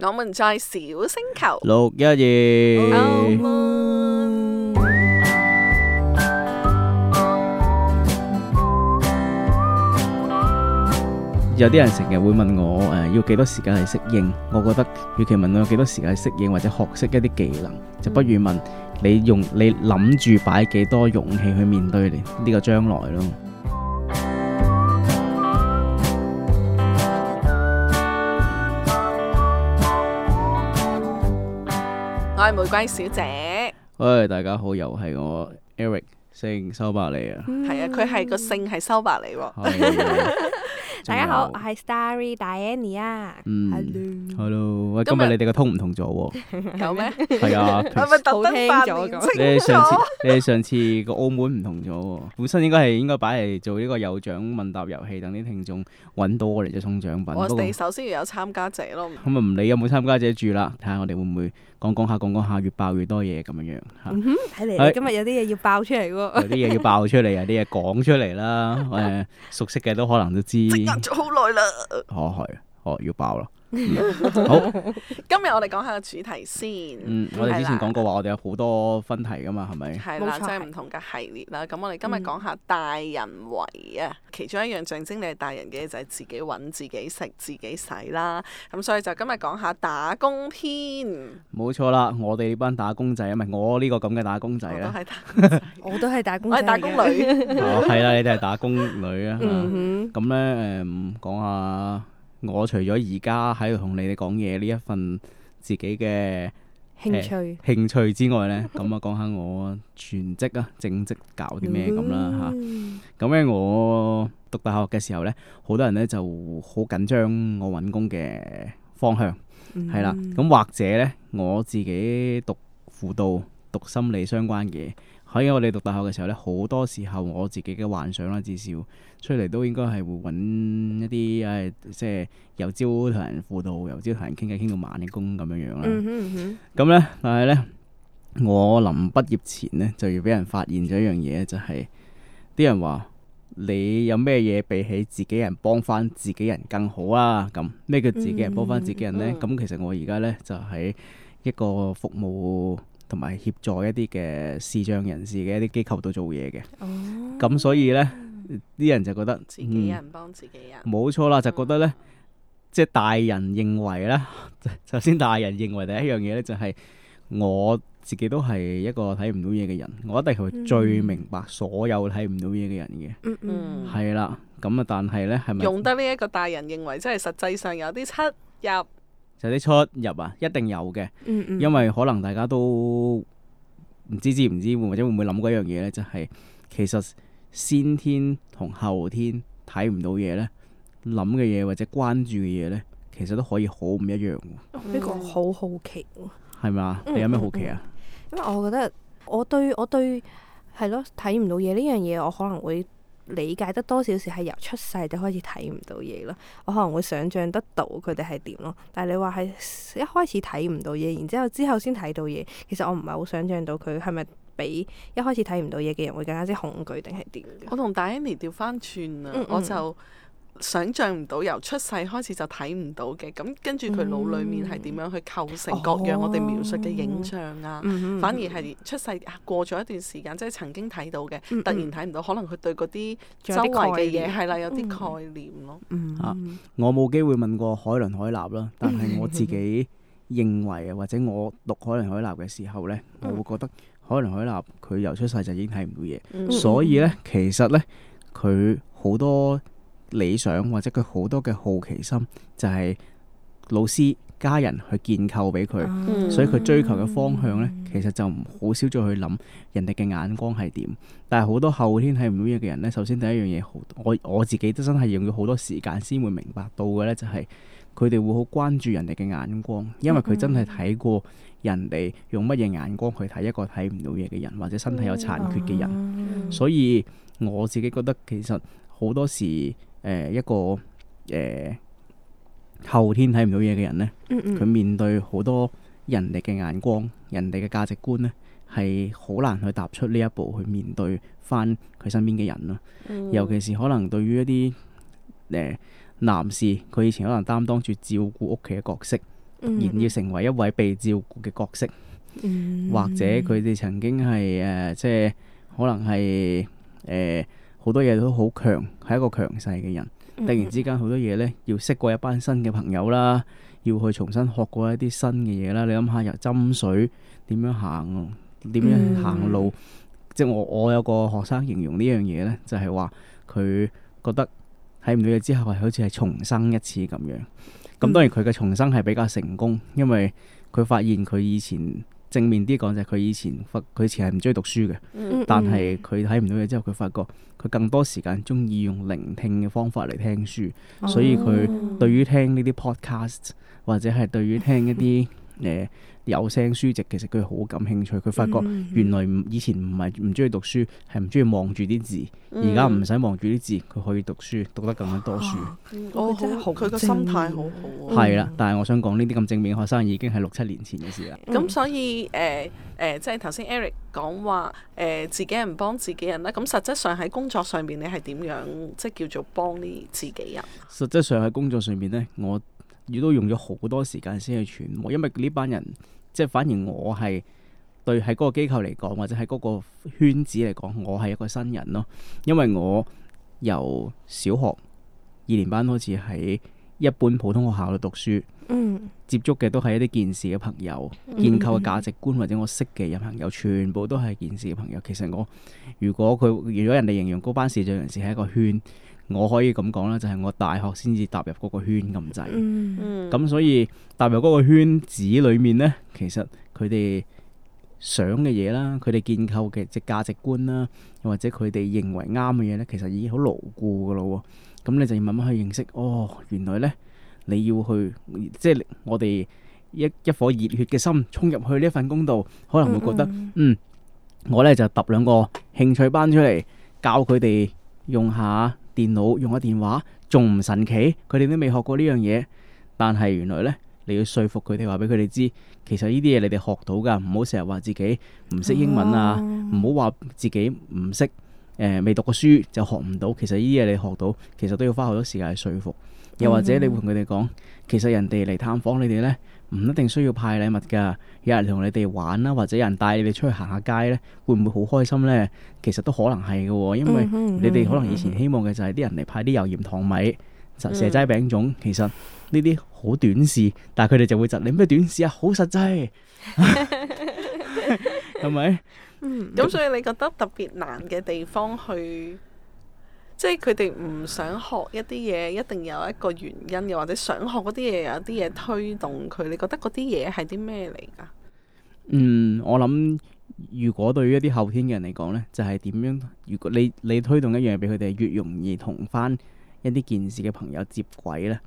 我們在小星球六一二。有啲人成日會問我誒，要幾多時間去適應？我覺得，與其問我有幾多時間去適應，或者學識一啲技能，就不如問你用你諗住擺幾多勇氣去面對你呢個將來咯。玫瑰小姐，喂，大家好，又係我 Eric 姓修伯、嗯啊、伯利啊，係啊，佢係個姓係修伯利喎。大家好，我係 Starry Diana 啊，Hello，Hello 喂，今日你哋個通唔同咗喎，有咩？係啊，係咪特登咗。你上次你上次個澳門唔同咗，本身應該係應該擺嚟做呢個有獎問答遊戲，等啲聽眾搵到我嚟，就送獎品。我哋首先要有參加者咯，咁啊唔理有冇參加者住啦，睇下我哋會唔會講講下講講下越爆越多嘢咁樣樣。睇嚟今日有啲嘢要爆出嚟喎，有啲嘢要爆出嚟，有啲嘢講出嚟啦，誒，熟悉嘅都可能都知。咗好耐啦，哦係，哦、 啊啊、要爆啦。好， 今日我哋講下個主題先。 嗯，我哋之前講過話，我哋有好多分題噶嘛，係咪？係啦錯，即係唔同嘅系列啦。咁、嗯、我哋今日講下大人為啊，其中一樣象徵你係大人嘅就係自己搵自己食、自己洗啦。咁所以就今日講下打工篇。冇錯啦，我哋呢班打工仔啊，唔係我呢個咁嘅打工仔咧，我都係打工仔， 我都係打工， 我係打、， 哦、打工女。係啦、 嗯哼，你都係打工女啊。咁咧、嗯，誒，講下。我除咗而家喺度同你哋講嘢呢一份自己嘅興趣、欸、興趣之外呢，咁啊講下我全職啊正職搞啲咩咁啦吓。咁咧、嗯、哼我讀大學嘅時候呢，好多人呢就好緊張我搵工嘅方向係啦。咁、嗯、或者呢，我自己讀輔導讀心理相關嘅。喺我哋讀大學嘅時候呢，好多時候我自己嘅幻想啦，至少出嚟都應該係會搵一啲，唉、呃，即係由朝同人輔導，由朝同人傾偈，傾到晚嘅工咁樣樣啦。咁呢、mm hmm. 嗯，但係呢，我臨畢業前呢，就要俾人發現咗一樣嘢，就係、是、啲人話你有咩嘢比起自己人幫翻自己人更好啊？咁咩叫自己人幫翻自己人呢？咁其實我而家呢，就喺、是、一個服務。同埋協助一啲嘅視障人士嘅一啲機構度做嘢嘅，咁所以呢啲人就覺得自己人幫自己人，冇錯啦，就覺得呢，即係大人認為呢，首先大人認為第一樣嘢呢就係我自己都係一個睇唔到嘢嘅人，我一定係最明白所有睇唔到嘢嘅人嘅，嗯嗯，係啦，咁啊，但係呢係咪用得呢一個大人認為，即係實際上有啲出入？就啲出入啊，一定有嘅，嗯嗯因為可能大家都唔知知唔知，或者會唔會諗嗰樣嘢咧？就係、是、其實先天同後天睇唔到嘢咧，諗嘅嘢或者關注嘅嘢咧，其實都可以好唔一樣，呢個好好奇，係咪啊？你有咩好奇啊、嗯嗯？因為我覺得我對，我對，係咯，睇唔到嘢呢樣嘢，我可能會。理解得多少少係由出世就開始睇唔到嘢啦，我可能會想像得到佢哋係點咯。但係你話係一開始睇唔到嘢，然之後之後先睇到嘢，其實我唔係好想像到佢係咪比一開始睇唔到嘢嘅人會更加之恐懼定係點嘅？我同 Dianne 掉翻轉啦，嗯、我就。嗯嗯想像唔到，由出世開始就睇唔到嘅，咁跟住佢腦裏面係點樣去構成各樣我哋描述嘅影像啊？哦嗯嗯、反而係出世過咗一段時間，嗯、即係曾經睇到嘅，嗯、突然睇唔到，可能佢對嗰啲周圍嘅嘢係啦，有啲概念咯。啊、我冇機會問過海倫·凱勒啦，但係我自己認為啊，或者我讀海倫·凱勒嘅時候呢，嗯、我會覺得海倫·凱勒佢由出世就已經睇唔到嘢，嗯、所以呢，其實呢，佢好多。理想或者佢好多嘅好奇心，就係老師、家人去建構俾佢，嗯、所以佢追求嘅方向呢，嗯、其實就唔好少再去諗人哋嘅眼光係點。但係好多後天睇唔到嘢嘅人呢，首先第一樣嘢，好，我我自己都真係用咗好多時間先會明白到嘅呢，就係佢哋會好關注人哋嘅眼光，因為佢真係睇過人哋用乜嘢眼光去睇一個睇唔到嘢嘅人，或者身體有殘缺嘅人。嗯嗯、所以我自己覺得，其實好多時。誒、呃、一個誒、呃、後天睇唔到嘢嘅人咧，佢、嗯嗯、面對好多人哋嘅眼光、人哋嘅價值觀咧，係好難去踏出呢一步去面對翻佢身邊嘅人咯、啊。嗯、尤其是可能對於一啲誒、呃、男士，佢以前可能擔當住照顧屋企嘅角色，突然要成為一位被照顧嘅角色，嗯嗯、或者佢哋曾經係誒、呃、即係可能係誒。呃好多嘢都好強，係一個強勢嘅人。突然之間，好多嘢呢，要識過一班新嘅朋友啦，要去重新學過一啲新嘅嘢啦。你諗下又斟水點樣行、啊，點樣行路？嗯、即係我，我有個學生形容呢樣嘢呢，就係話佢覺得睇唔到嘢之後，係好似係重生一次咁樣。咁當然佢嘅重生係比較成功，因為佢發現佢以前。正面啲講就係佢以前發，佢以前係唔中意讀書嘅，嗯嗯，但係佢睇唔到嘢之後，佢發覺佢更多時間中意用聆聽嘅方法嚟聽書，哦、所以佢對於聽呢啲 podcast 或者係對於聽一啲。 誒、呃，有聲書籍其實佢好感興趣，佢發覺原來以前唔係唔中意讀書，係唔中意望住啲字，而家唔使望住啲字，佢可以讀書，讀得咁樣多書。我、啊哦、好，佢個心態好、啊、好正。係啦、嗯，但係我想講呢啲咁正面嘅學生已經係六七年前嘅事啦。咁所以誒誒，即係頭先 Eric 講話誒、呃，自己人幫自己人咧。咁實質上喺工作上面，你係點樣即係叫做幫啲自己人？實質上喺工作上面咧，我。亦都用咗好多時間先去傳播，因為呢班人即係反而我係對喺嗰個機構嚟講，或者喺嗰個圈子嚟講，我係一個新人咯。因為我由小學二年班開始喺一般普通學校度讀書。嗯，接觸嘅都係一啲健視嘅朋友，嗯、建構嘅價值觀或者我識嘅人朋友，全部都係健視嘅朋友。其實我如果佢如果人哋形容嗰班視障人士係一個圈，我可以咁講啦，就係、是、我大學先至踏入嗰個圈咁滯、嗯。嗯，咁所以踏入嗰個圈子裏面呢，其實佢哋想嘅嘢啦，佢哋建構嘅即係價值觀啦，或者佢哋認為啱嘅嘢呢，其實已經好牢固噶咯喎。咁你就要慢慢去認識，哦，原來呢。你要去，即係我哋一一顆熱血嘅心衝入去呢份工度，可能會覺得，嗯,嗯,嗯，我呢就揼兩個興趣班出嚟教佢哋用下電腦、用下電話，仲唔神奇？佢哋都未學過呢樣嘢，但係原來呢，你要說服佢哋，話俾佢哋知，其實呢啲嘢你哋學到㗎，唔好成日話自己唔識英文啊，唔好話自己唔識，誒、呃、未讀過書就學唔到，其實呢啲嘢你學到，其實都要花好多時間去說服。又或者你會同佢哋講，其實人哋嚟探訪你哋呢，唔一定需要派禮物㗎。有人同你哋玩啦，或者有人帶你哋出去行下街呢，會唔會好開心呢？其實都可能係嘅，哦，因為你哋可能以前希望嘅就係啲人嚟派啲油鹽糖米、蛇齋餅粽。其實呢啲好短視，但係佢哋就會窒你咩短視啊？好實際係咪？咁 所以你覺得特別難嘅地方去？即係佢哋唔想學一啲嘢，一定有一個原因，又或者想學嗰啲嘢有啲嘢推動佢。你覺得嗰啲嘢係啲咩嚟㗎？嗯，我諗如果對於一啲後天嘅人嚟講咧，就係點樣？如果你你推動一樣嘢俾佢哋，越容易同翻一啲件事嘅朋友接軌咧，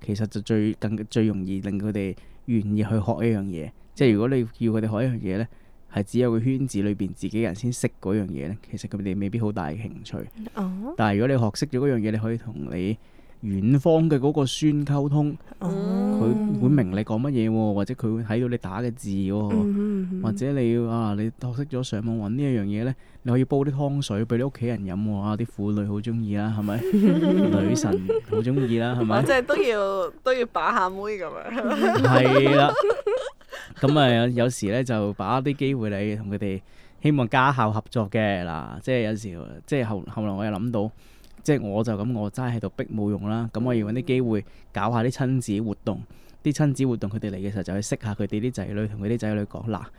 其實就最更最容易令佢哋願意去學一樣嘢。即係如果你要佢哋學一樣嘢咧。係只有個圈子裏邊自己人先識嗰樣嘢呢。其實佢哋未必好大興趣。哦、但係如果你學識咗嗰樣嘢，你可以同你遠方嘅嗰個孫溝通。佢、哦、會明你講乜嘢喎，或者佢會睇到你打嘅字喎，嗯哼嗯哼。或者你要啊，你學識咗上網揾呢一樣嘢呢，你可以煲啲湯水俾你屋企人飲喎，啲婦女好中意啦，係咪？ 女神好中意啦，係咪？即係都要都要把下妹咁樣。係啦。 咁啊、嗯，有時咧就把握啲機會嚟同佢哋希望家校合作嘅嗱、啊，即係有時即係後後來我又諗到，即係我就咁我齋喺度逼冇用啦，咁、嗯、我要揾啲機會搞下啲親子活動，啲親子活動佢哋嚟嘅時候就去識下佢哋啲仔女，同佢啲仔女講嗱、啊，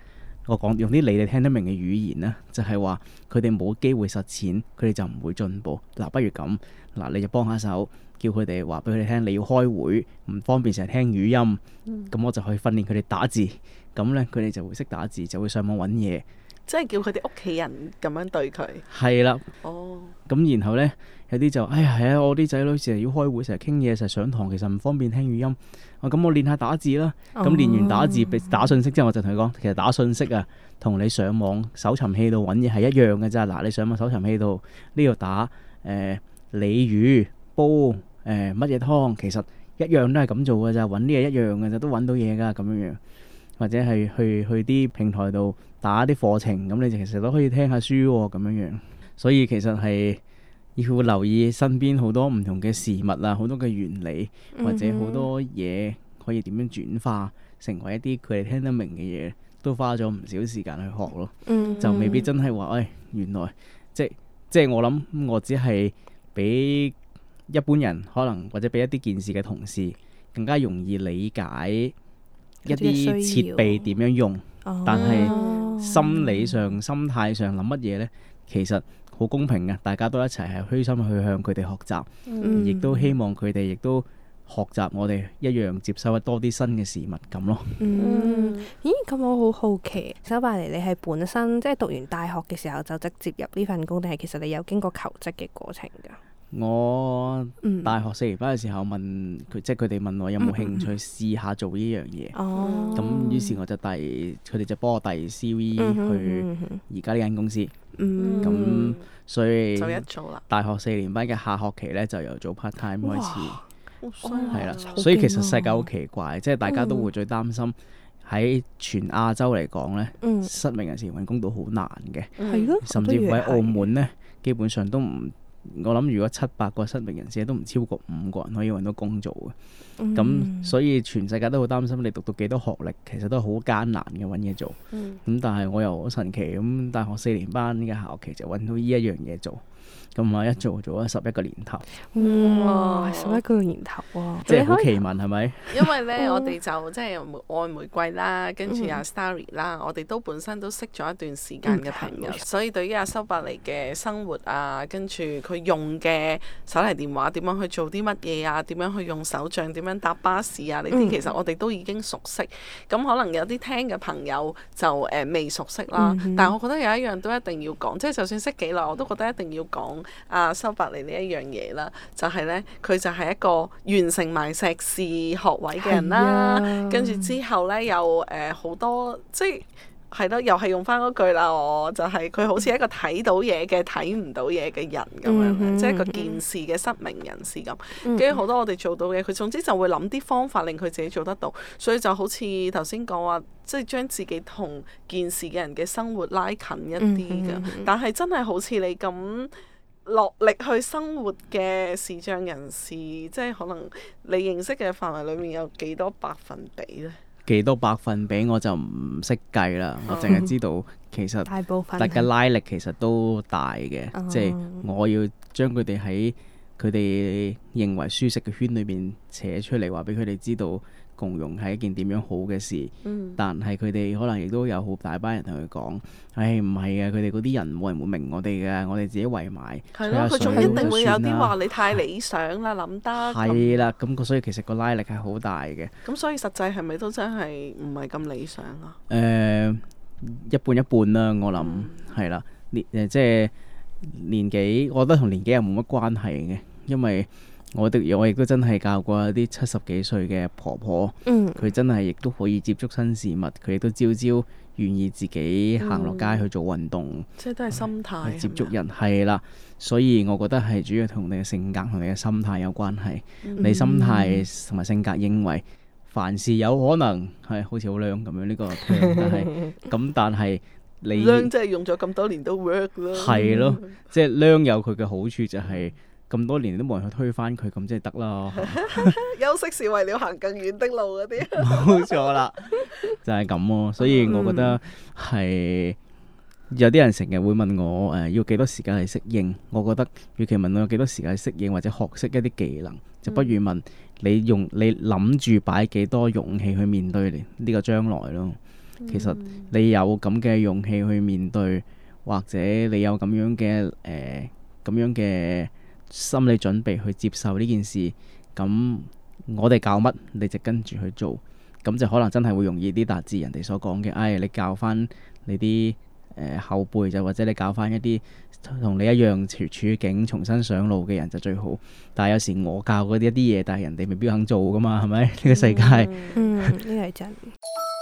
我講用啲你哋聽得明嘅語言啦，就係話佢哋冇機會實踐，佢哋就唔會進步。嗱、啊，不如咁，嗱、啊、你就幫下手。叫佢哋話俾佢哋聽，你要開會唔方便成日聽語音，咁、嗯、我就去訓練佢哋打字，咁呢，佢哋就會識打字，就會上網揾嘢。即係叫佢哋屋企人咁樣對佢。係啦。哦。咁然後呢，有啲就，哎呀，係啊，我啲仔女成日要開會，成日傾嘢，成日上堂，其實唔方便聽語音。啊，咁我練下打字啦。哦、嗯啊。咁練完打字，打信息之後，我就同佢講，其實打信息啊，同你上網搜尋器度揾嘢係一樣嘅咋，嗱、啊，你上網搜尋器度呢度打，誒、呃，鯉魚煲。煲煲誒乜嘢湯，其實一樣都係咁做嘅咋，揾啲嘢一樣嘅咋，都揾到嘢㗎咁樣樣。或者係去去啲平台度打啲課程，咁你其實都可以聽下書喎咁樣樣。所以其實係要留意身邊好多唔同嘅事物啊，好多嘅原理或者好多嘢可以點樣轉化成為一啲佢哋聽得明嘅嘢，都花咗唔少時間去學咯。就未必真係話，誒、哎、原來即即係我諗，我只係俾。一般人可能或者俾一啲件事嘅同事更加容易理解一啲設備點樣用，oh. 但係心理上、嗯、心態上諗乜嘢呢？其實好公平嘅，大家都一齊係虛心去向佢哋學習，亦、嗯嗯、都希望佢哋亦都學習我哋一樣接收得多啲新嘅事物咁咯、嗯。咦？咁我好好奇，收埋嚟你係本身即係讀完大學嘅時候就直接入呢份工，定係其實你有經過求職嘅過程㗎？我大學四年班嘅時候問佢，即係佢哋問我有冇興趣試下做呢樣嘢。咁、啊、於是我就遞佢哋就幫我遞 CV 去而家呢間公司。咁、嗯、所以大學四年班嘅下學期呢，就由做 part time 開始。係啦，啊、所以其實世界好奇怪，即係大家都會最擔心喺全亞洲嚟講呢，嗯、失明人士揾工都好難嘅。嗯嗯、甚至乎喺澳門呢，嗯嗯、基本上都唔。我諗如果七八個失明人士都唔超過五個人可以揾到工做嘅，咁、嗯、所以全世界都好擔心你讀到幾多學歷，其實都好艱難嘅揾嘢做。咁、嗯、但係我又好神奇，咁大學四年班嘅下學期就揾到呢一樣嘢做。咁啊，一做做咗十一個年頭，哇，十一個年頭啊，即係好奇聞係咪？因為呢，我哋就即係愛玫瑰啦，跟住阿 Starry 啦，我哋都本身都識咗一段時間嘅朋友，所以對於阿修伯利嘅生活啊，跟住佢用嘅手提電話，點樣去做啲乜嘢啊，點樣去用手杖，點樣搭巴士啊，呢啲其實我哋都已經熟悉。咁可能有啲聽嘅朋友就誒未熟悉啦，但係我覺得有一樣都一定要講，即係就算識幾耐，我都覺得一定要。講啊，修伯利呢一樣嘢啦，就係、是、咧，佢就係一個完成埋碩士學位嘅人啦，呀跟住之後咧，又誒好多即係。係咯，又係用翻嗰句啦，我就係、是、佢好似一個睇到嘢嘅睇唔到嘢嘅人咁樣，即係、嗯、哼一個健視嘅失明人士咁。跟住好多我哋做到嘅，佢總之就會諗啲方法令佢自己做得到。所以就好似頭先講話，即係將自己同健視嘅人嘅生活拉近一啲㗎。嗯、哼但係真係好似你咁落力去生活嘅視障人士，即、就、係、是、可能你認識嘅範圍裡面有幾多百分比咧？幾多百分比我就唔識計啦，oh. 我淨係知道其實 大嘅分拉力其實都大嘅，即係、oh. 我要將佢哋喺。佢哋認為舒適嘅圈裏面扯出嚟，話俾佢哋知道共融係一件點樣好嘅事。嗯、但係佢哋可能亦都有好大班人同佢講，唉、哎，唔係啊！佢哋嗰啲人冇人會明我哋嘅，我哋自己圍埋。係咯的，佢仲一定會有啲話你太理想啦，諗得。係啦的，咁個麼所以其實個拉力係好大嘅。咁所以實際係咪都真係唔係咁理想啊？誒、呃，一半一半啦、啊，我諗係啦。即係、嗯。年紀我覺得同年紀又冇乜關係嘅，因為我，我哋我亦都真係教過一啲七十幾歲嘅婆婆，佢、嗯、真係亦都可以接觸新事物，佢亦都朝朝願意自己行落街去做運動，嗯、即係都係心態是接觸人係啦嗎，所以我覺得係主要同你嘅性格同你嘅心態有關係，嗯、你心態同埋性格認為凡事有可能係好似好靚咁樣呢個，係咁但係。 但你，僆即係用咗咁多年都 work 咯，係咯 即、就、係、是、有佢嘅好處就係、是、咁多年都冇人去推翻佢，咁即係得啦。 休息是為了行更遠的路嗰啲，冇錯啦，就係咁咯。所以我覺得係、嗯、有啲人成日會問我誒、呃，要幾多時間去適應？我覺得，與其問我有幾多時間去適應，或者學識一啲技能，就不如問你用你諗住擺幾多勇氣去面對呢、這個將來咯。其實你有咁嘅勇氣去面對，或者你有咁樣嘅誒咁樣嘅心理準備去接受呢件事，咁我哋教乜你就跟住去做，咁就可能真係會容易啲。達至人哋所講嘅，唉、哎，你教翻你啲誒、呃、後輩就或者你教翻一啲同你一樣處處境重新上路嘅人就最好。但係有時我教嗰啲一啲嘢，但係人哋未必肯做噶嘛，係咪、嗯？呢個世界，呢個係真。